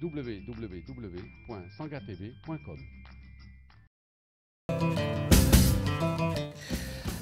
www.sangatv.com.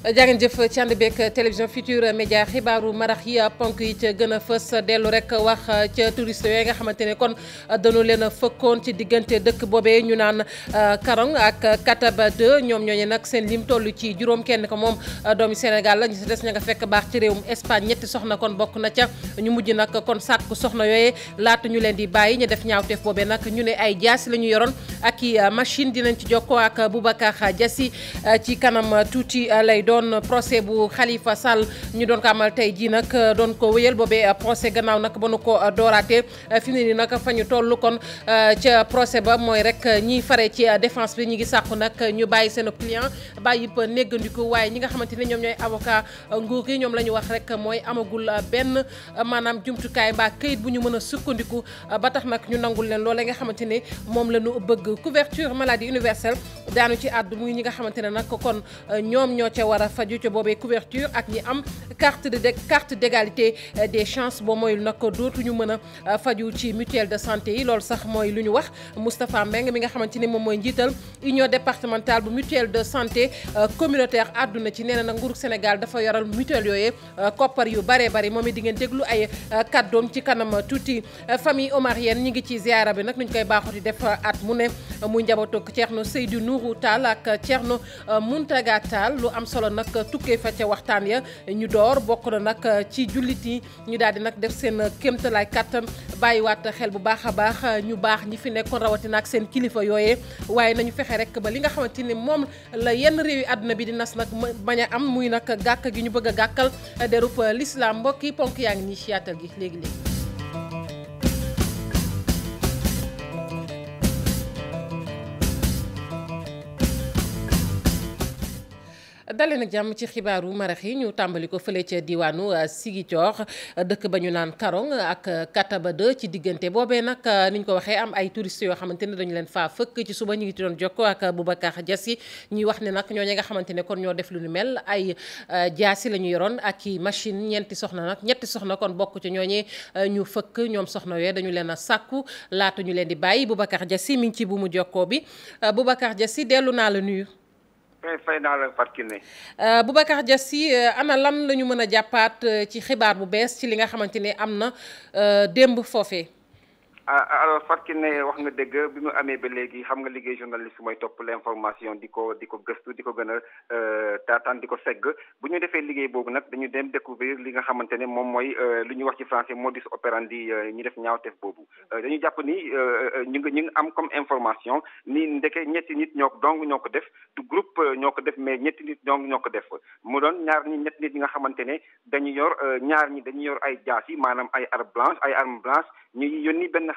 jàngeen jëf ci ànd beeg télévision Futurs xibaaru marax yi ponk yi ca gën a fës dellu rek wax ca touriste yooyu nga xamante ne kon danu leen a fëkkoon ci diggante dëkk boobe ñu naan euh, Karong ak Kataba 2 ñoom ñooñu nag seen lim toll ci juróom kenn ko moom doomi Sénégal la ñu si des ña nga fekk baax ci réewum Espagne ñetti soxna kon bokk na ca ñu mujj nag kon sàkku soxna yooyee laata ñu leen di bàyyi ñu def ñaawteef boobee nag ñu ne ay jaas la ñu yoroon ak i machine dinañ ci jokkoo ak Boubacar Diassi euh, ci kanam tuuti euh, lay doon procès bu Khalifa Sall ñu doon ko amal tey jii nag euh, doon ko wéyal boobee euh, procès gannaaw nag ba nu ko euh, dooraatee fi nii fa ñu toll kon ca procès ba mooy rek ñiy fare ci défense bi ñu ngi sàkku nag ñu bàyyi seen client bàyyi ba néggandiku waaye ñi nga xamante ne ñoom ñooy avocat nguur gi ñoom la ñu wax rek mooy amagul benn maanaam jumtukaay mbaa kayit bu ñu mën a sukkandiku ba tax nag ñu nangul leen loola nga xamante ne moom la ñu bëgg couverture maladie universelle daanu ci àddu muy ñi nga xamante ne kon ñoom ñoo ca war war a faju ca boobee couverture ak ñi am carte de carte d'égalité euh, des chances boo euh, de santé yi loolu sax mooy lu ñu wax Moustapha Mbengue mi nga xamante ni moom mooy njiital union départementale bu mutuelle de santé euh, communautaire àdduna ci nee na nag nguuru Sénégal dafa yoral mutuelle yooyu koppar yu baree bari moom di ngeen déglu ay kàddoom ci kanam tuuti famille omarienne ñi ngi ci ziara bi nag nuñ koy baaxuti def at mu ne muy njabootug Thierno Seydou Nourou Tall ak Thierno Mountaga Tall lu am solo doon nag tukkee fa ca waxtaan ya ñu door bokk na nag ci jullit yi ñu daal di nag def seen kéemtalaay kàttan bàyyiwaat xel bu baax a baax ñu baax ñi fi nekkoon rawatina ak seen kilifa yooyee waaye nañu fexe rek ba li nga xamante ni moom la yenn réew yi àdduna bi di nas nag bañ a am muy nag gàkk gi ñu bëgg a gàkkal deru l'islam mbokk yi ponk yaa ngi nii ci gi léegi léegi. dale nag jàmm ci xibaaru marax yi ñu tàmbali ko fële ca diwaanu euh, Ziguinchor euh, dëkk ba ñu naan Karong ak euh, Kataba 2 ci diggante boobee nag ni ñu ko waxee am ay touristes yoo xamante ne dañu leen faa fëkk ci suba ñu ngi ci doon jokko ak jas Diassi ñuy wax ne nag ñooñu nga xamante ne kon ñoo def lu ñu mel ay jaasi la ñu yoroon ak i machine ñeenti soxna nag ñetti soxna kon bokk ci ñooñee ñu fëkk ñoom soxna yooyu dañu leen a sàkku laatu ñu leen di bàyyi Boubacar Diassi mi ngi ci bu jokkoo bi Boubacar Diassi dellu naa la nuyu fay naa la Fatou Kiné euh, Boubacar Diassi euh, lan la mën a jàppaat euh, ci xibaar bu bees ci li nga xamante ne am na démb foofee Ah, ah, alors Fatou Kiné wax nga dëgg bi mu amee ba léegi xam nga liggéey journaliste mooy topp l'information di ko di ko gëstu di ko gën a euh, taataan di ko segg bu ñu defee liggéey boobu nag dañu dem découvrir li nga xamante ne moom mooy euh, lu ñu wax ci français modus operandi euh, ñi def ñaawteef boobu dañu jàpp ni ñu ngi ñu am comme information nii ndeke ñetti nit ñoo ko dong ñoo ko def du groupe ñoo ko def mais ñetti nit dong ñoo ko def mu doon ñaar ñi ñetti nit ñi nga xamante ne dañu ñaar ñi dañu yor ay jaas yi maanaam ay arme ay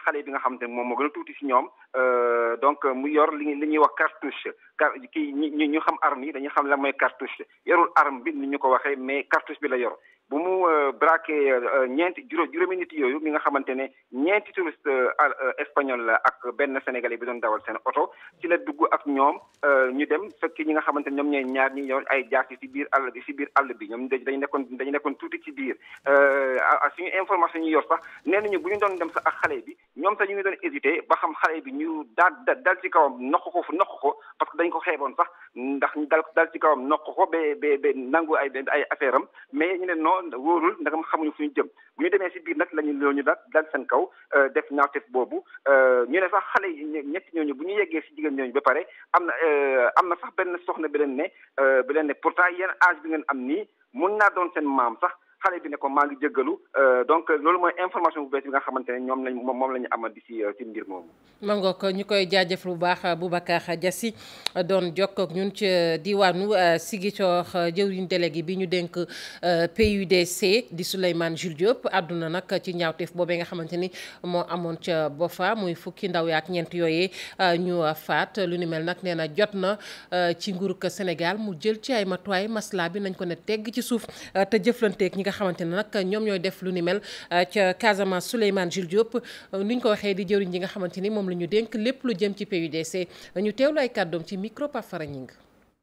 xale bi nga xam te moom moo gën a tuuti si ñoom euh, donc mu yor li li ñuy wax cartouche car kii ñu ñu xam arm yi dañuy xam la moy cartouche yorul arme bi ni ñu ko waxee mais cartouche bi la yor bu mu euh, braqué euh, ñeenti juróom juróomi nit yooyu mi nga xamante ne ñeenti touriste euh, espagnol la ak benn sénégalais bi doon dawal seen oto ci la dugg ak ñoom ñu dem sax fekk ñi nga xamante ne ñoom ñooy ñaar ñi ñoon ay jaasi ci biir àll bi ci biir àll bi ñoom dañu nekkoon dañu nekkoon tuuti ci biir suñu information ñu yor sax nee ñu bu ñu doon dem sax ak xale bi ñoom sax ñu ngi doon hésité ba xam xale bi ñu daal dal ci kawam noq ko fu noq ko parce que dañ ko xeeboon sax ndax ñu dal dal ci kawam noq ko ba ba ba nangu ay ay affaire am mais ñu ne wóorul ndagam xamuñu fu ñu jëm bu ñu demee si biir nag lañu ñoo ñu nag dal seen kaw euh, def ñaawteef boobu euh, ñu ne sax xale ñetti ñooñu bu ñu yeggee si jigéen ñooñu ba pare am na euh, am sax benn soxna bi ne bi leen ne pourtant yéen âge bi ngeen am nii mun naa doon seen maam sax xale bi ne ko maa ngi jéggalu euh, donc loolu mooy information bu bees bi ne ñoom lañ moom la ñu amal di si ci ñu koy jaajëf bu baax Boubacar Diassi doon jokkook ñun ci diwaanu euh, Ziguinchor jëwriñ délégué bi ñu dénk euh, PUDC di Souleymane Jules Diop àdduna nag ci ñaawteef boobee nga xamante ni moo amoon ca Bofa muy fukki ndaw yaak ñeent yooyee ñu faat lu ni mel nag nee na jot na ci nguurug Sénégal mu jël ci ay matuwaay masla bi nañ ko ne tegg ci suuf te jëflanteeg ñi nga nga xamante ne nag ñoom ñooy def lu ni mel euh, ca Casamance Souleymane Jules Diop euh, ni ko waxee di jëriñ ji nga xamante ni moom la ñu dénk lépp lu jëm ci PUDC ñu teewlu ay kàddoom ci micro Pafara Ñing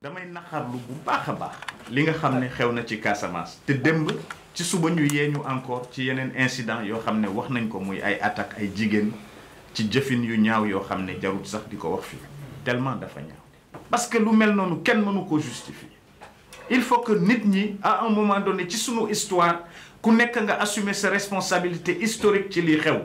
damay naqarlu bu baax a baax li nga xam ne xew na ci Casamance te démb ci suba ñu yee ñu encore ci yeneen incident yoo xam ne wax nañ ko muy ay attaque ay jigéen ci jëfin yu ñaaw yoo xam ne jarul sax di ko wax fii tellement dafa ñaaw parce lu mel noonu kenn mënu ko il faut que nit ñi à un moment donné ci sunu histoire ku nekk nga assumer sa responsabilité historique ci lii xew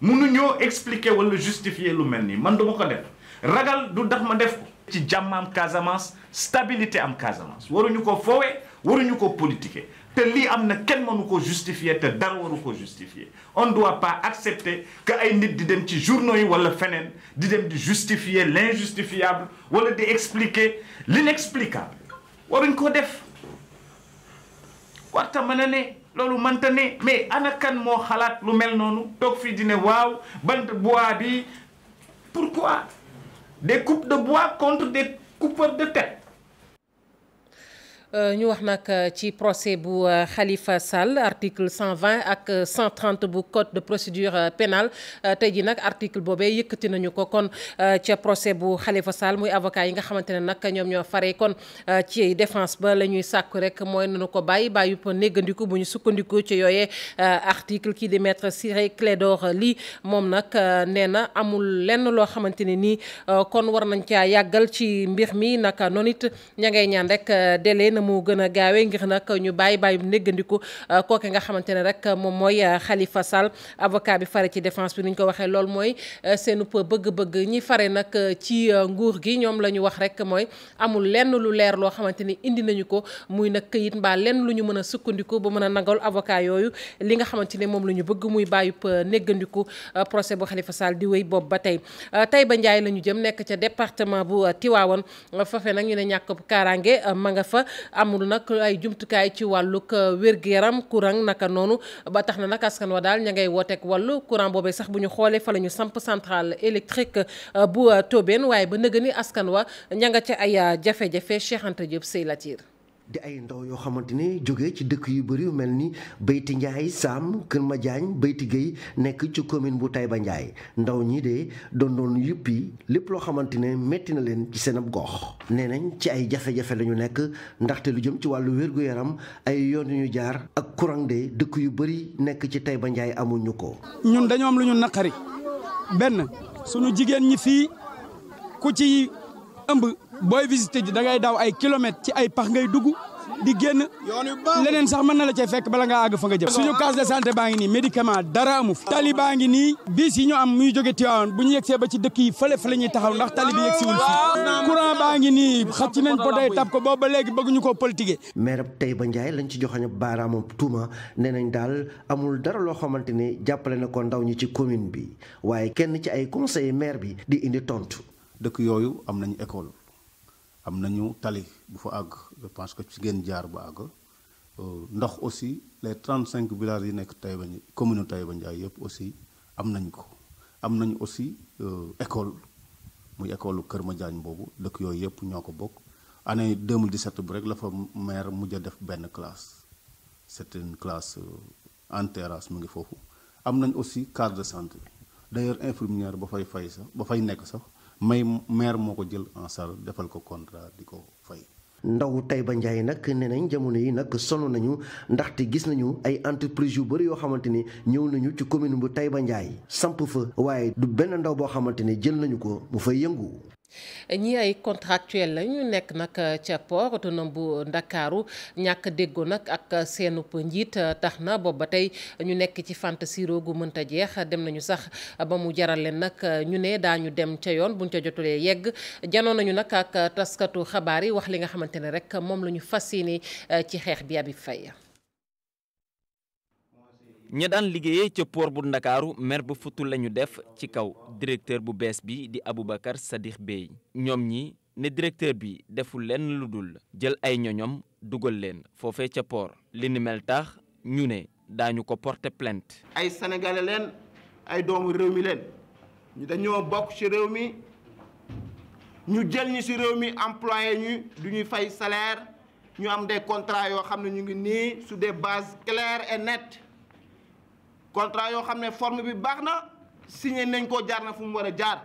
mënuñoo expliquer wala justifier lu mel nii man duma ko def ragal du tax ma def ko ci jàmm am Casamance stabilité am Casamance waruñu ko foowee waruñu ko politiquer te lii am na kenn mënu ko justifier te dara waru ko justifier on doit pas accepter que ay nit di dem ci journaux yi wala feneen di dem di justifier l'injustifiable wala di expliquer l'inexplicable waruñ ko def warta mën a ne loolu manta ne mais ana kan moo xalaat lu mel noonu toog fii di waaw bant bois bi pourquoi des coupes de bois contre des coupeurs de tête Euh, ñu wax nag euh, ci procès bu euh, Khalifa Sall article 120 ak 130 bu code de procédure pénale tey ji nag article boobee yëkkati nañu ko kon ca procès bu xalifa Sall muy avocat yi nga xamante ne nag ñoom ñoo fare kon ci défense ba la ñuy sàkku rek mooy nañu ko bàyyi bàyyi ko néggandiku bu ñu sukkandiku ci yooyee article kii di maître Ciré Clédor lii moom nag nee na amul lenn loo xamante ne nii kon war nañ caa yàggal ci mbir mi naka noonu it ña ngay ñaan rek délai mu gën a gaawee ngir nag ñu bàyyi bàyyi néggandiku euh, kooke nga xamante ne rek moom mooy xalifa euh, Sall avocat bi fare ci défense bi ni ñu ko waxee loolu mooy euh, seen seenu bëgg-bëgg ñi fare nag ci nguur gi ñoom la ñu wax rek mooy amul lenn lu leer loo xamante ni indi nañu ko muy nag këyit mbaa lenn lu ñu mën a sukkandiku ba mën a nagal avocat yooyu li nga xamante ne moom la ñu bëgg muy bàyyub néggandiku procès bu Khalifa Sall di wéy boobu ba tey Taïba Ndiaye la jëm nekk ca département bu Tivaouane amul nag ay jumtukaay ci wàllug euh, wér-gu-yaram courant naka noonu ba tax na nag askan wa daal ña ngay wooteeg wàllu courant boobee sax bu ñu xoolee fa la ñu samp centrale électrique euh, bu euh, Tobène waaye ba nëgë ni askan wa ña nga ca ay jafe-jafe Cheikh Anta Diop Sey di ay ndaw yoo xamante ni jóge ci dëkk yu bëri yu mel ni Bayti Ndiaye Sam Kër jaañ Bayti géey nekk ci commune bu ba Ndiaye ndaw ñii de doon doon yuppi lépp loo xamante ne métti na leen ci seen ab gox. nee nañ ci ay jafe-jafe la nekk ndaxte lu jëm ci wàllu wér-gu-yaram ay yoon yu ñu jaar ak courant de dëkk yu bëri nekk ci ba njaay amuñu ko. ñun dañoo am lu ñu naqari benn sunu jigéen ñi fii ku ci ëmb. booy visité ji da ngay daw ay kilomètres ci ay pax ngay dugg di génn leneen sax mën na la cay fekk bala nga àgg fa nga jëm suñu cas de santé baa ngi nii médicament dara amu fi tali baa ngi nii bis yi ñu am muy jóge Tivaouane bu ñu yegsee ba ci dëkk yi fële fële ñuy taxaw ndax tali bi yegsiwul fii baa ngi nii xëcc nañ ko day tab ko boobu ba léegi bëgguñu koo politiquer tey ba Ndiaye lañ ci joxoñ baaraamam tuuma nee nañ daal amul dara loo xamante ne jàppale na ko ndaw ñi ci commune bi waaye kenn ci ay conseiller maire bi di indi tontu dëkk yooyu am nañu école am nañu tali bu fa àgg je pense que ci ngeen jaar ba àgg euh, ndox aussi les cinq villages yi nekk Taïba commune Taïba Ndiaye yëpp aussi am nañ ko am nañu aussi euh, école muy école Kër Madiagne boobu dëkk yooyu yëpp ñoo ko bokk année 2017 bu rek la fa maire mujj a def benn classe c'est une classe euh, en mu ngi foofu am nañ aussi case de santé d'ailleurs infirmière ba fay fay sax ba fay nekk sax may maire moo ko jël en charge defal ko contrat di ko fay. ndaw Taïba Ndiaye nag nee nañ jamono yi nag sonn nañu ndaxte gis nañu ay entreprise yu bëri yoo xamante ni ñëw nañu ci commune bu Taïba Ndiaye samp fa waaye du benn ndaw boo xamante ne jël nañu ko bu fay yënguwu ñi ay contractuel lañu nekk nag euh, ca port autonome bu ndakaaru ñàkk déggoo nag ak seenu njiit euh, tax na boobu ba tey ñu nekk ci fantasiro gu mënta jeex dem nañu sax ba mu jaral leen nag euh, ñu ne daañu dem ca yoon buñ ca jotulee yegg janoon nañu nag ak taskatu xabaar yi wax li nga xamante ne rek moom la ñu fas yéene ci xeex bi Habib Faye ña daan liggéeyee ca port bu ndakaaru mer ba futu lañu def ci kaw directeur bu bees bi di Aboubacar Sadikh Bey ñoom ñi ne directeur bi deful lenn lu dul jël ay ñoñom dugal leen foofee ca poor li ni mel tax ñu ne daañu ko porter plainte ay sénégalais leen ay doomu réew mi leen dañoo bokk ci réew mi ñu jël ñi ci réew mi employé ñu du ñuy fay salaire ñu am des contrats yoo xam ne ñu ngi nii su des bases claires et nettes contrat yoo xam ne forme bi baax na signé nañ ko jaar na fu mu war a jaar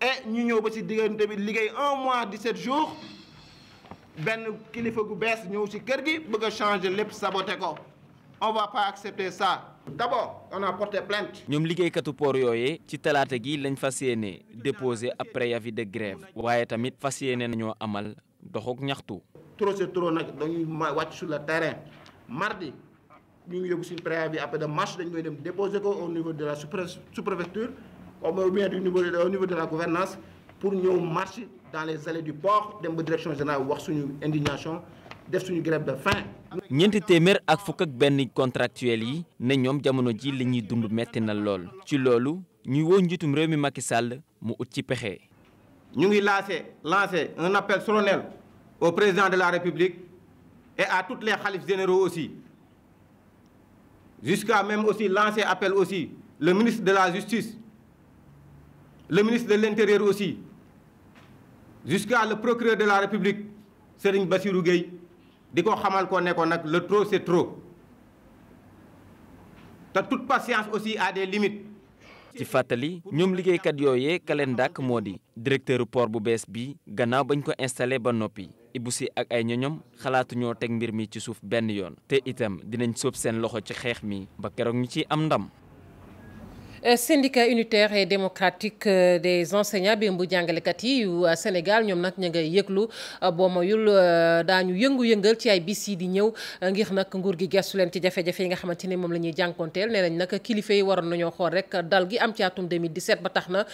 et ñu ñëw ba ci diggante bi liggéey un mois 17 jours benn kilifa gu bees ñëw ci kër gi bëgg a changer lépp saboté ko on va pas accepter ça. D'abord, on a porté plainte. ñoom liggéeykatu port yooyee ci talaata gi lañ fas yéene déposé après préavis de grève waaye tamit fas yéene nañoo amal doxuk ñaxtu. trop c'est trop nag dañuy wàcc sur le terrain mardi. ñu ngi yóbbu suñu préavis appel de marche dañ koy dem déposer ko au niveau de la sous-préfecture ou bien du niveau de la gouvernance pour ñëw marche dans les allées du port dem ba direction générale wax suñu indignation def suñu grève de faim. ñeenti téeméer ak fukk ak benn contractuel yi ne ñoom jamono ji li ñuy dund metti na lool. ci loolu ñuy woo njiitum réew mi Macky Sall mu ut ci pexe. ñu ngi lancé lancé un appel solennel au président de la République et à toutes les khalifes généraux aussi. jusqu'à même aussi lancer appel aussi le ministre de la Justice, le ministre de l'Intérieur aussi, jusqu'à le procureur de la République, Serigne Bassirou Gueye di ko xamal ko ne ko nag le trop c'est trop te toute patience aussi a des limites. ci fàttali ñoom liggéeykat yooyee kaleen dàkk moo di directeur port bu bees bi gannaaw bañ ko installé ba noppi. Ibou ak ay ñoñom xalaatuñoo teg mbir mi ci suuf benn yoon te itam dinañ sóob seen loxo ci xeex mi ba keroog ñu ciy am ndam Euh, syndicat unitaire et démocratique euh, des enseignants bi bu jàngalekat yi yu euh, Sénégal ñoom nag ña ngay yëglu boo mayul daañu yëngu-yëngal ci ay bis yi di ñëw ngir nag nguur gi gestu leen ci jafe-jafe yi nga xamante ni moom la ñuy jànkonteel nee nañ nag kilifa yi waroon nañoo xool rek dal gi am ci atum 2017 ba tax na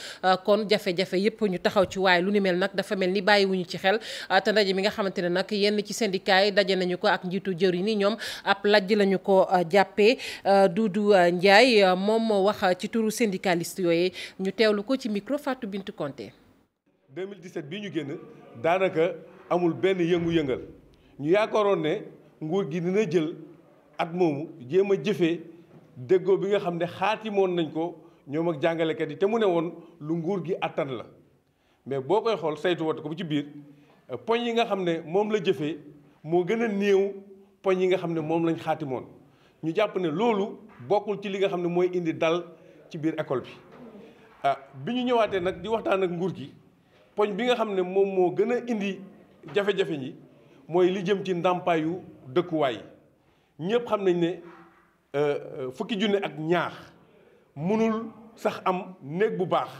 kon jafe-jafe yëpp ñu taxaw ci waaye lu ni mel nag dafa mel ni bàyyiwuñu ci xel te ndaje mi nga xamante ne nag yenn ci syndicat yi daje nañ ko ak njiitu jër yi ni ñoom ab lajj lañu ko jàppee Doudou Ndiaye moom wax ci turu syndicaliste yooyee ñu teewlu ko ci micro Fatou Bintou Conté. 2017 bii ñu génn daanaka amul benn yëngu-yëngal ñu yaakaaroon ne nguur gi dina jël at moomu jéem a jëfe déggoo bi nga xam ne xaatimoon nañ ko ñoom ak jàngalekat yi te mu ne woon lu nguur gi àttan la mais boo koy xool saytu wat ko bu ci biir euh, poñ yi nga xam ne moom la jëfe moo gën a néew poñ yi nga xam ne moom lañ xaatimoon ñu jàpp ne loolu bokkul ci li nga xam ne mooy indi dal ci biir école bi ah, bi ñu ñëwaatee nag di waxtaan ak nguur gi poñ bi nga xam ne moom moo gën a indi jafe-jafe ñi mooy li jëm ci ndàmpaayu dëkkuwaay yi ñëpp xam nañ ne euh, euh, fukki junne ak ñaax mënul sax am néeg bu baax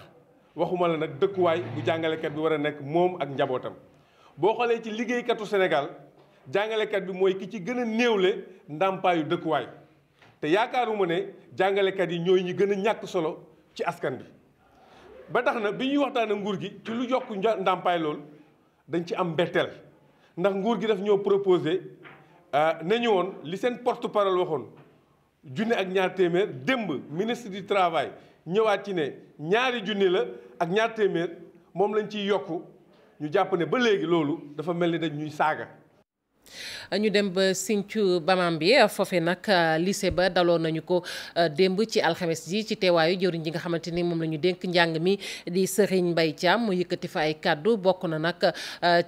waxuma la nag dëkkuwaay bu jàngalekat bi war a nekk moom ak njabootam boo xoolee ci liggéeykatu Sénégal jàngalekat bi mooy ki ci gën a néewle ndàmpaayu dëkkuwaay te yaakaaruma ne jàngalekat yi ñooy ñi gën a ñàkk solo ci askan bi ba tax na bi ñuy waxtaan ak nguur gi ci lu yokk ndàmpaay loolu dañ ci am mbetteel ndax nguur gi daf ñoo proposé euh, nañu woon li seen porte parole waxoon junne ak ñaar téeméer démb ministre du travail ñëwaat ci ne ñaari junne la ak ñaar téeméer moom lañ ciy yokk ñu jàpp ne ba léegi loolu dafa mel ni dañ ñuy saaga. ñu dem ba Sinthiou bi foofe nag lycée ba daloo nañu ko démb ci alxemes ji ci teewaayu jëwriñ ji nga xamante ni moom la ñu dénk njàng mi di Serigne Mbaye Thiam mu yëkkati fa ay kàddu bokk na nag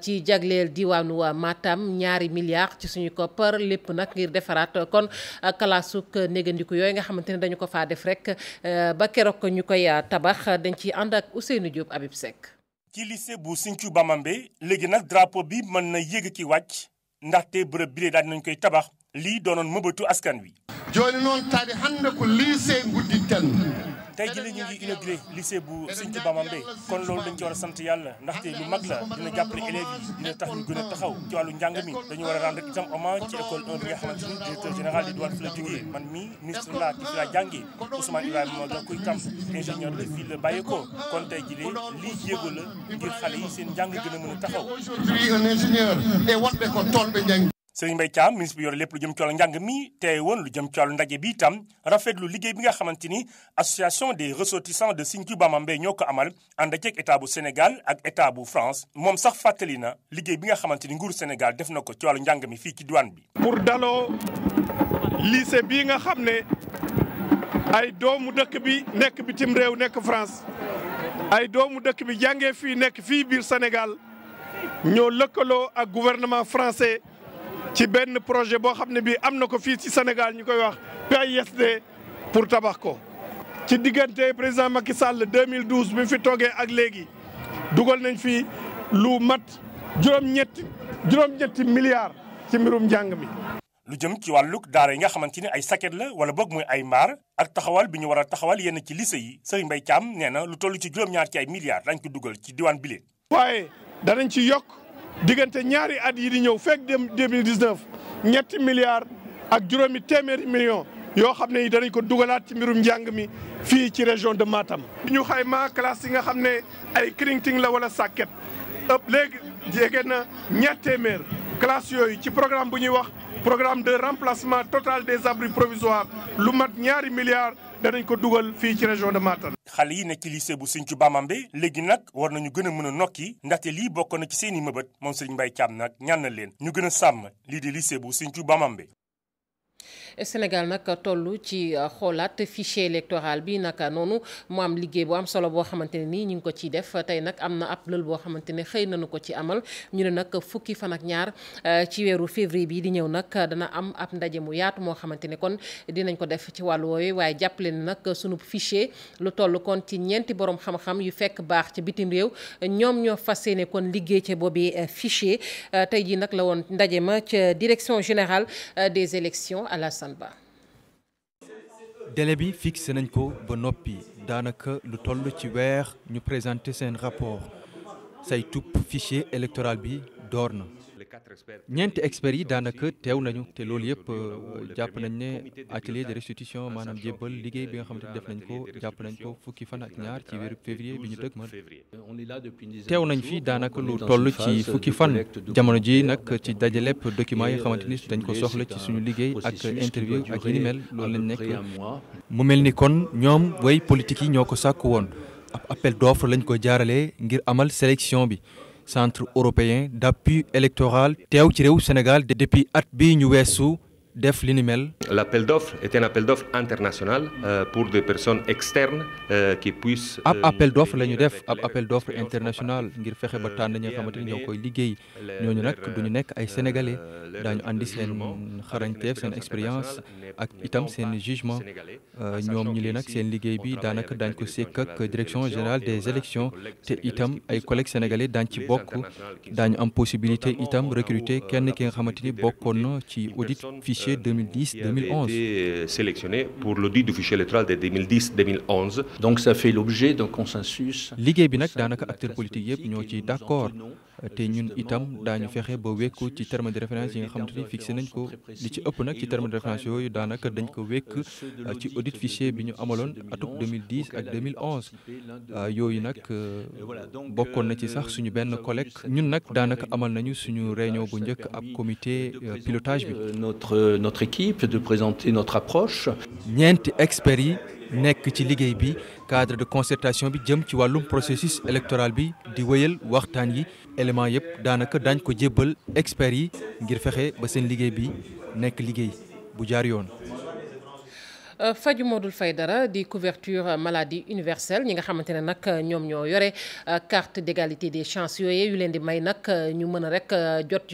ci jagleel diwaanu maatam ñaari milliards ci suñu koppar lépp nag ngir defaraat kon kalaasuk négandiku yooyu nga xamante ne dañu ko faa def rek ba keroog ñu koy tabax dañ ci ànd ak useenu Diop Habib Seck. ci lycée bu Sinthiou Bamambé léegi nag drapeau bi mën na yéeg ki wàcc. ndaxte bërëb bile daal dinañ koy tabax lii doonoon mëbatu askan wi. jooni noon taade hannde ko lycée guddi tan tey ji li ñu ngi inauguré lycée bu Sinthiou Bamba kon loolu dañ ci war a sant yàlla ndaxte lu mag la dina jàppale élèves yi dina tax ñu gën a taxaw ci wàllu njàng mi dañu war a rendre itam hommage ci école 1 bi nga xamante directeur général di Douane fi la jógee man mi ministre laa ci fi laa jàngee Ousmane Ibrahima moo doon kuy tam ingénieur la fii la bàyyeekoo kon tey ji lii jéego la ngir xale yi seen njàng gën a a taxaw Serigne Mbaye Thiam ministre bi yore lépp lu jëm ci njàng mi teewe woon lu jëm ci wàllu ndaje bi itam rafetlu liggéey bi nga xamante ni association des ressortissants de Sinthiou Bamambé ñoo ko amal ànd ceeg état bu Sénégal ak état bu France moom sax fàttali na liggéey bi nga xamante ni nguuru Sénégal def na ko ci wàllu njàng mi fii ci diwaan bi. pour daloo lycée bii nga xam ne ay doomu dëkk bi nekk bitim réew nekk France ay doomu dëkk bi jàngee fii nekk fii biir Sénégal ñoo lëkkaloo ak gouvernement français. ci benn projet boo xam ne bii am na ko fii ci Sénégal ñu koy wax PISD pour tabax ko. ci diggante président Macky Sall 2012 bi mu fi toogee ak léegi dugal nañ fi lu mat juróom-ñetti juróom-ñetti milliards ci mbirum njàng mi. lu jëm ci wàllug daara yi nga xamante ni ay saket la wala boog muy ay mbaar ak taxawal bi ñu war a taxawal yenn ci lycée yi Serigne Mbaye Thiam nee na lu toll ci juróom-ñaar ci ay milliards dañ ko dugal ci diwaan bile. waaye danañ ci yokk. diggante ñaari at yii di ñëw fekk dem 2019 ñetti milliards ak juróomi téeméeri millions yoo xam ne yi danañ ko dugalaat ci mbirum njàng mi fii ci région de Matam. ñu xayma classe yi nga xam ne ay crinting la wala sàkket ëpp léegi jege na ñaar téeméer classe yooyu ci programme bu ñuy wax. programme de remplacement total des abris provisoires lu mat ñaari milliards danañ ko dugal fii ci région de Matam. xale yi nekk ci lycée bu Sinthiou Bamambé léegi nag war nañu gën a mën a nokki ndaxte lii bokk na ci seen i mëbët moom Serigne mbay Thiam nag ñaan na leen ñu gën a sàmm lii di lycée bu Sinthiou Bamambé. Sénégal nag toll ci euh, xoolaat fichier électoral bi nag noonu mu am liggéey bu am solo boo xamante ne nii ñu ngi ko ciy def tey nag am na ab lël boo xamante ne xëy nañu ko ci amal ñu ne nag fukki fan ak ñaar euh, ci weeru février bi di ñëw nag dana am ab ndaje mu yaatu moo xamante ne kon dinañ ko def ci wàllu wooyu waaye jàppale ne nag sunu fichier lu toll kon ci ñeenti borom xam-xam yu fekk baax ci bitim réew ñoom ñoo fas ne kon liggéey ca boobi euh, fichier tey jii nag la woon ndaje ma ca direction générale des élections à Assane bi fixé nañ ko ba noppi daanaka lu toll ci weex ñu présenté seen rapport say tupp fichier électoral bi door na. ñeenti experts yi daanaka teew nañu te loolu yëpp euh, jàpp nañ ne atelier de restitution maanaam jébbal liggéey euh, bi nga xamante def nañ ko jàpp nañ fi daanaka lu toll ci fukki fan jamono ji nag ci dajalepp documents yi xamante ni euh, dañ ko soxla ci suñu liggéey ak interview ak yi ni mel loolu lañ nekk mu mel ni kon ñoom way politique yi ñoo ko sàkk woon ab appel d'offre lañ ko jaaralee ngir amal sélection bi centre européen d' appui électoral teew ci réew Sénégal depuis at bii ñu weesu def li mel. l' appel d' offre était un international euh, pour des personnes externes euh, qui puissent. ab euh, appel d' la ñu def ab appel d' offre international ngir fexe ba euh, tànn ñi nga xamante ni ñoo koy liggéey ñooñu nag du ñu nekk ay sénégalais daañu andi seen xarañteef seen expérience ak itam seen jugement ñoom ñi leen nag seen liggéey bi daanaka daañ ko sekk ak direction générale des élections te itam ay collègues sénégalais daañ ci bokk daañu am possibilité itam recruter kenn ki nga xamante ni bokkoon na ci audit fichier euh, 2010-2011. été euh, sélectionné pour l'audit donc ça fait l'objet d'un consensus. liggéey bi nag daanaka acteurs politiques yëpp ñoo ci d'accord te ñun itam daañu fexe ba wekku ci terme de référence yi nga xamante ni fixé nañ ko li ci ëpp nag ci terme de référence yooyu daanaka dañ ko wekk euh, ci audit fichier bi ñu amaloon atum 2010 ak 2011 euh, yooyu nag euh, bokkoon na ci sax suñu benn collègue ñun nag daanaka amal nañu suñu réunion bu njëkk ab comité pilotage bi. notre notre équipe de présenter notre approche. ñeenti experts yi. nekk ci liggéey bi cadre de concertation bi jëm ci wàllum processus électoral bi di wéyal waxtaan yi élément yëpp daanaka dañ ko jébbal experts yi ngir fexe ba seen liggéey bi nekk liggéey bu jaar yoon Euh, faju moo dul fay dara di couverture maladie universelle ñi nga xamante ne nag euh, ñoom ñoo yore euh, carte d'égalité des chances yooye yu leen di may nag ñu mën a rek jot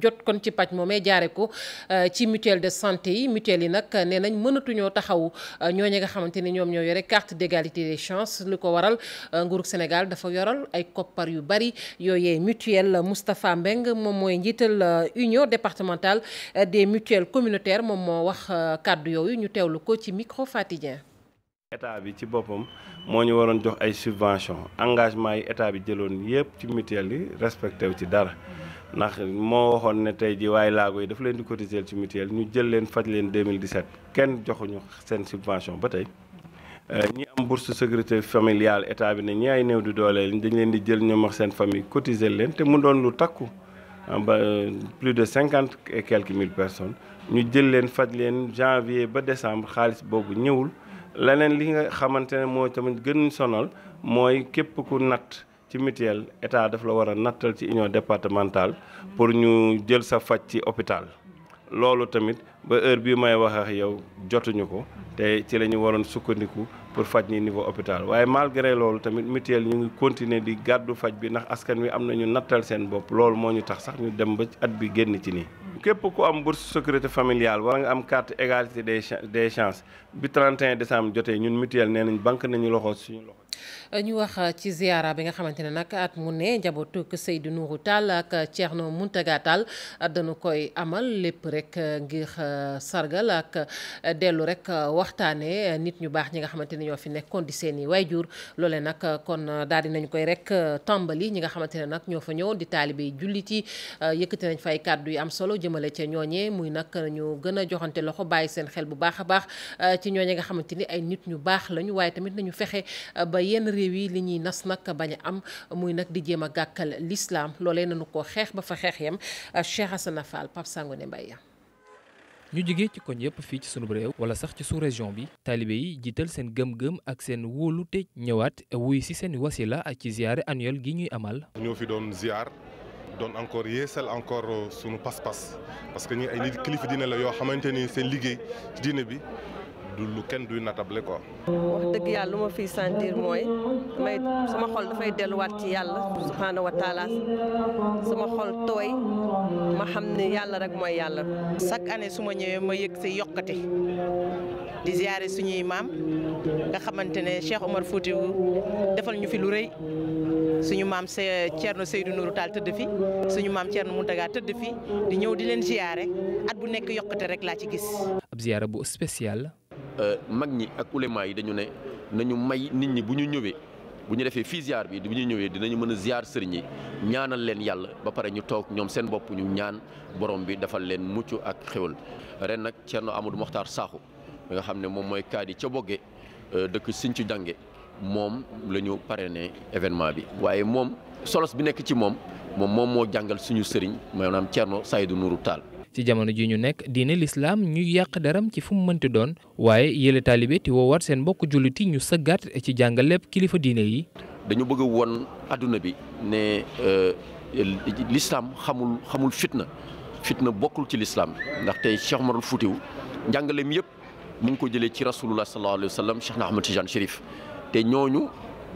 jot kon ci paj moomee jaare ko ci mutuel de santé yi mutuelle yi nag nee nañ mënatuñoo taxawu ñooñu nga xamante ni ñoom ñoo yore carte d'égalité des chances lu ko waral nguurug Sénégal dafa yoral ay koppar yu bari yooyee mutuelle Moustapha Mbeng moom mooy njiital union départementale des mutuelles communautaires moom moo wax kàddu yooyu ñu teewlu ko ci micro Fatidien état bi ci boppam moo ñu waroon jox ay subvention engagement yi état bi jëloon yépp ci mutuelle yi respecté wu ci dara ndax moo waxoon ne tey ji waaye laago yi dafa leen di cotiser ci mutuelle ñu jël leen faj leen 2017 kenn joxuñu seen subvention ba tey euh, ñi am bourse sécurité familiale état bi ne ñi ay néew di dooleel dañ leen di jël ñoom ak seen famille cotiser leen te mu doon lu takku Euh, ba euh, plus de cinquante et quelques mille personnes ñu jël leen faj leen janvier ba décembre xaalis boobu ñëwul leneen li nga xamante ne moo tamit gën sonal mooy képp ku natt ci mutuelle état daf la war a nattal ci union départementale pour ñu jël sa faj ci hôpital loolu tamit ba heure bii may wax yow jotuñu ko te ci la ñu waroon sukkandiku pour faj ni niveau hôpital waaye malgré loolu tamit mutuelle ñu ngi continuer di gàddu faj bi ndax askan wi am na ñu nattal seen bopp loolu moo ñu tax sax ñu dem ba at bi génn ci ni képp ko am bourse sécurité familial wala nga am carte égalité des des chances bi 31 décembre jotee ñun mutuelle nee nañ banque nañu loxo suñu loxo. ñu wax ci ziara bi nga xamante ne nag at mu ne njabootu Seydou Nourou Tall ak Thierno Mountaga Tall dañu koy amal lépp rek ngir euh, sargal ak dellu rek waxtaanee nit ñu baax ñi nga xamante ne ñoo fi nekkoon di seen i waajur loole nag kon daal di nañ koy rek tàmbali ñi nga xamante ne nag ñoo fa ñëw di taalibe jullit yi euh, yëkkati nañ fay kàddu yi am solo jëmale ca ñooñee muy nag ñu gën a joxante loxo bàyyi seen xel bu baax a baax euh, ci ñooñe nga xamante ni ay nit ñu baax lañu waaye tamit nañu fexe ba yenn réew yi li ñuy nas nag bañ am muy nag di jéem a gàkkal l'islam loolee nañu ko xeex ba fa xeex yam Cheikh Hassana Fall Pape Sangone Mbaye ñu jógee ci koñ yëpp fii ci sunub réew wala sax ci sous-région bi taalibe yi jiital seen gëm-gëm ak seen wóolute ñëwaat wuy si seen wasila ak ci ziare annuel gi ñuy amal ñoo fi doon ziar doon encore yeesal encore euh, sunu pas-pas parce que ñu ay nit kilifa diine la yoo xamante ni seen liggéey ci diine bi du lu kenn duy natable quoi. wax dëgg yàlla lu ma fiy sentir mooy damay sama xol dafay delluwaat ci yàlla subhaanahu wa tooy ma xam ne yàlla rek mooy yàlla. chaque année su ma ñëwee ma yëg si yokkate di ziare suñuy maam nga xamante ne Cheikh Omar Foutiyou defal ñu fi lu rëy suñu maam Thierno Seydou Nourou Tall tëdd fi suñu maam Thierno Mountaga tëdd fi di ñëw di leen ziare at bu nekk yokkate rek laa ci gis. ab ziare bu spécial. Euh, mag ñi ak ulema yi dañu ne nañu may nit ñi bu ñu ñëwee bu ñu defee fii ziar bi bu ñu ñëwee dinañu mën a ziar sëriñ yi ñaanal leen yàlla ba pare ñu toog ñoom seen bopp ñu ñaan borom bi defal leen mucc ak xéwal ren nag Thierno Amadou Mokhtar Sakho mi nga xam ne moom mooy kaadi ca Bogge euh, dëkk Sinthiou Dange moom la pare ne événement bi waaye moom solos bi nekk ci moom moom moom moo jàngal suñu sëriñ maanaam Thierno Saydou nuru taal ci jamono ji ñu nekk diine lislaam ñuy yàq daram ci fu mu mënti doon waaye yële taalibe ti woowaat seen mbokk julliti ñu sëggaat ci jàngaleeb kilifa diine yi. dañu bëgg a won adduna bi ne euh, lislaam xamul xamul fitna fitna bokkul ci lislaam ndaxte Cheikh Omarul Fuutiw njàngaleem yëpp mu ngi ko jëlee ci rasulullah sallallahu alayhi wa sallam Cheikh na Ahmad te ñooñu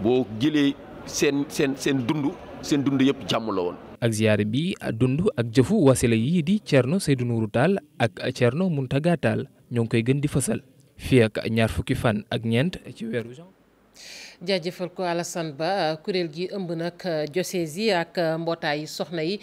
boo jëlee seen seen seen dund seen dund yëpp jàmm la woon. ak ziyaare bi dund ak jëfu wasila yii di Thierno Seydou Nourou Tall ak Thierno mun tagaataal ñoo ngi koy gën di fësal fii ak ñaar fukki fan ak ñeent ci weeru jan jaajëfal ko Alassane Ba kuréel gi ëmb nag diocèse yi ak mbootaayu soxna yi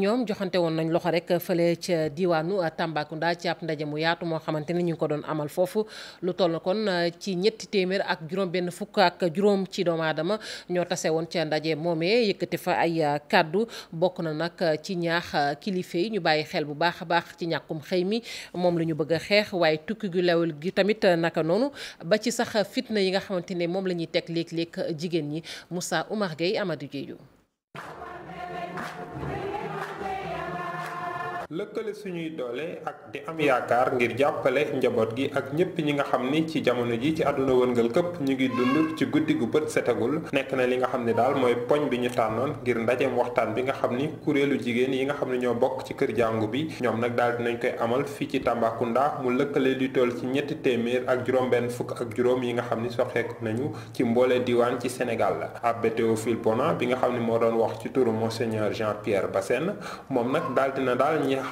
ñoom joxante woon nañ loxo rek fële ca diwaanu Tambacounda ci ab ndaje mu yaatu moo xamante ni ñu ngi ko doon amal foofu lu toll kon ci ñetti téeméer ak juróom-benn fukk ak juróom ci doomu aadama ñoo tase woon ca ndaje moomee yëkkati fa ay kàddu bokk na nag ci ñaax kilifa yi ñu bàyyi xel bu baax a baax ci ñàkkum xëy mi moom la ñu bëgg a xeex waaye tukki gu lewul gi tamit naka noonu moom la ñuy teg léeg-léeg jigéen ñi Moussa Oumar Gueye Amadou Diédhiou lëkkale suñuy doole ak di am yaakaar ngir jàppale njaboot gi ak ñëpp ñi nga xam ni ci jamono ji ci àdduna wërngal këpp ñu ngi dund ci guddi gu bët setagul nekk na li nga xam ne daal mooy poñ bi ñu tànnoon ngir ndajeem waxtaan bi nga xam ni kuréelu jigéen yi nga xam ne ñoo bokk ci kër jàngu bi ñoom nag daal dinañ koy amal fii ci Tambacounda mu lëkkale di toll ci ñetti téeméer ak juróom-benn fukk ak juróom yi nga xam ni soxeeku nañu ci mboole diwaan ci Sénégal la abbé Théophile bi nga xam ne moo doon wax ci turu monseigneur Jean Pierre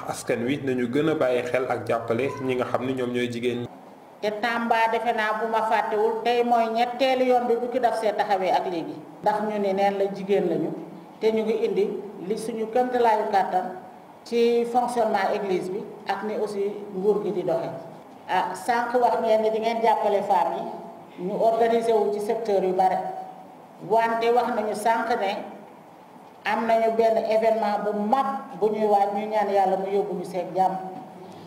askan wi nañu gën a bàyyi xel ak jàppale ñi nga xam ni ñoom ñooy jigéen ñi. te Tamba defe naa bu ma fàttewul tey mooy ñetteelu yoon bi bu ki daf see taxawee ak léegi. ndax ñu ne neen la jigéen lañu te ñu ngi indi li suñu këmtalaayu kàttan ci fonctionnement église bi ak ni aussi nguur gi di doxee. ah sànq wax ngeen ne di ngeen jàppale femmes yi ñu organiser ci secteur yu bare wante wax nañu sanq ne. am nañu benn événement bu mag bu ñuy waaj ñu ñaan yàlla mu yóbbu ñu seeg jàmm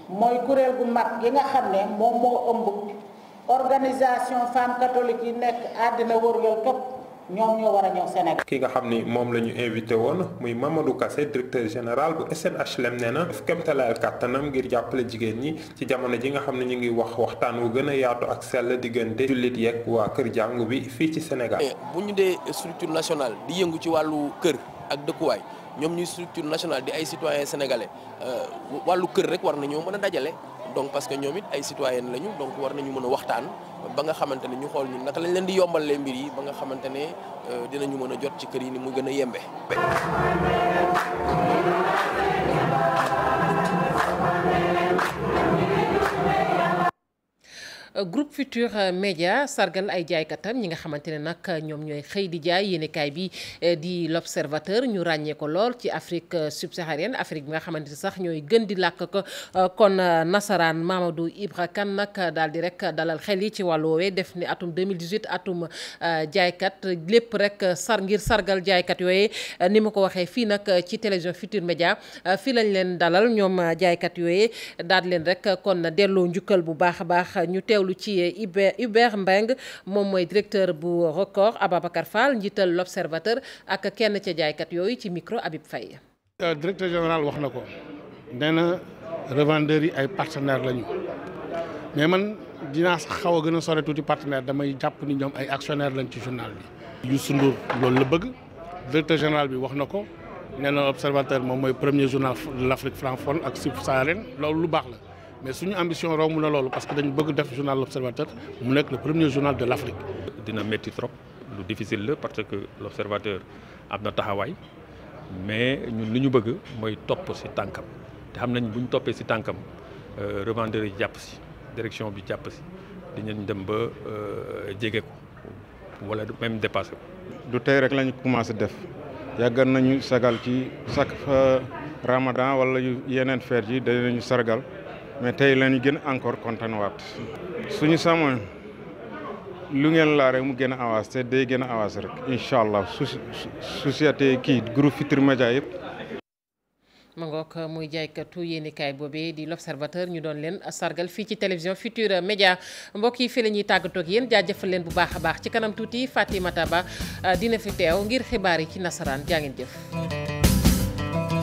mooy kuréel gu mag gi nga xam ne moom moo ëmb organisation femmes catholiques yi nekk àddina wërgal képp ñoom ñoo war a ñëw Sénégal. ki nga xam ni moom la ñu invité woon muy Mamadou Kassé directeur général bu SNHLM nee na def kéemtalaayal kàttanam ngir jàppale jigéen ñi ci jamono ji nga xam ne ñu ngi wax waxtaan wu gën a yaatu ak sell diggante jullit yeeg waa kër jàngu bi fii ci Sénégal. Eh, bu ñu dee structure nationale di yëngu ci wàllu kër. ak dëkkuwaay ñoom ñuy structure nationale di ay citoyen sénégalais euh, wàllu kër rek war nañoo mën a dajale donc parce que ñoom it ay citoyen lañu donc war nañu mën a waxtaan ba nga xamante ne ñu xool ñu naka lañ leen di yombalee mbir yi ba nga xamante ne euh, dinañu mën a jot ci kër yi ni mu gën a yembe Euh, groupe Futur euh, Média sargal ay jaaykatam ñi nga xamante ne nag euh, ñoom ñooy xëy di jaay yéenekaay bi di l'Observateur ñu ràññee ko lool ci Afrique subsaharienne Afrique bi nga xamante ni sax ñooy gën di làkk ko kon nasaraan Mamadou Ibra kan nag daal di rek dalal xel yi ci wàllu woowee def ni atum 2018 atum jaaykat lépp rek sar ngir sargal jaaykat yooyu ni ma ko waxee fii nag ci télévision Futur Média fii lañ leen dalal ñoom jaaykat yooyu daal leen rek kon delloo njukkal lu ci Hubert Mbengue moom mooy directeur bu Record Ababacar Fall njiital l'Observateur ak kenn ca jaaykat yooyu ci micro Habib Faye. Euh, directeur général wax na ko nee na revendeurs yi ay partenaires lañu mais man dinaa sax xaw a gën a sore tuuti partenaire damay jàpp ni ñoom ay actionnaire lañ ci journal bi. Youssou Ndour loolu la bëgg directeur général bi wax na ko nee na observateur moom mooy premier journal de l'Afrique francophone ak subsaharienne loolu lu baax la. mais suñu ambition romb na loolu parce que dañu bëgg def journal l'Observateur mu nekk le premier journal de l'Afrique. dina métti trop lu difficile la parce que l'Observateur am na taxawaay mais ñun li ñu bëgg mooy topp si tànkam te xam nañ bu ñu toppee si tànkam euh, revendeur yi jàpp si direction bi jàpp si ci dinañ dem ba euh, jege ko wala même dépassé ko. du tey rek lañu commencé def yàggan nañu sagal ci chaque euh, ramadan wala yeneen feet yi danañu sargal. mais tey lañu gën encore kontaan waat suñu samoon lu ngeen laa rek mu gën a avancé te day gën a rek incha allah su société kii groupe Futurs Médias yëpp ma ngoog muy jaaykatu yéenekaay boobee di l'observateur ñu doon leen sargal fii ci télévision Futurs Médias mbokk yi fii la ñuy tàggatoo ak yéen jaajëfal leen bu baax a baax ci kanam tuuti Fatimata Ba dina fi teew ngir xibaar yi ci nasaraan jaa ngeen jëf